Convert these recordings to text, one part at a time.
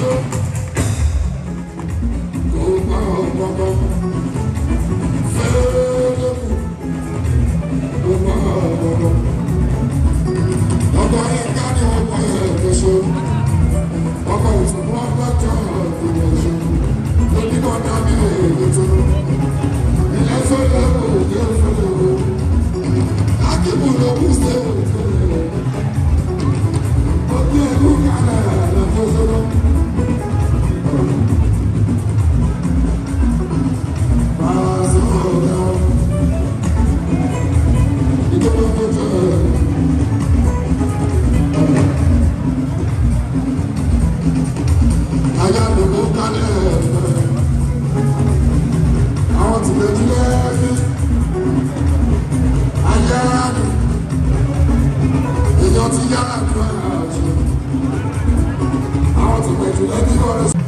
sọ kó pa ọ̀pọ̀pọ̀ fẹ́ẹ́lẹ́kù kó pa ọ̀pọ̀pọ̀ ọkọ̀ yẹn ká ní ọkọ̀ yẹn lọ sọ ọkọ̀ òṣùwọ̀n lọ́jọ́ ìgbìmọ̀ sọ onímọ̀ dábìlì ètò. I want to make you any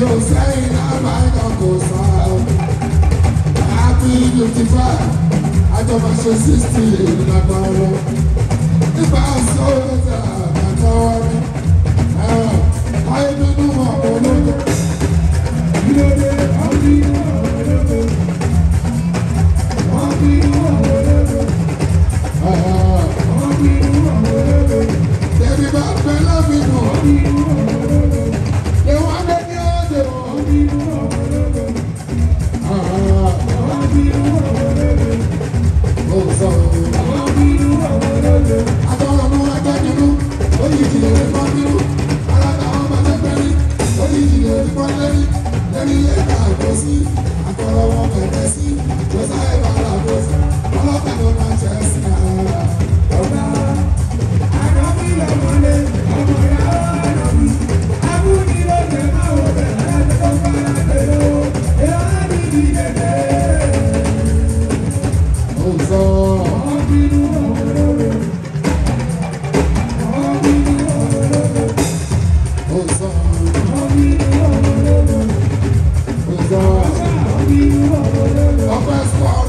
yóò sẹ́yìn náà máa ń yàn kó sá I don't want to see ṣe in my lágbára. If I o.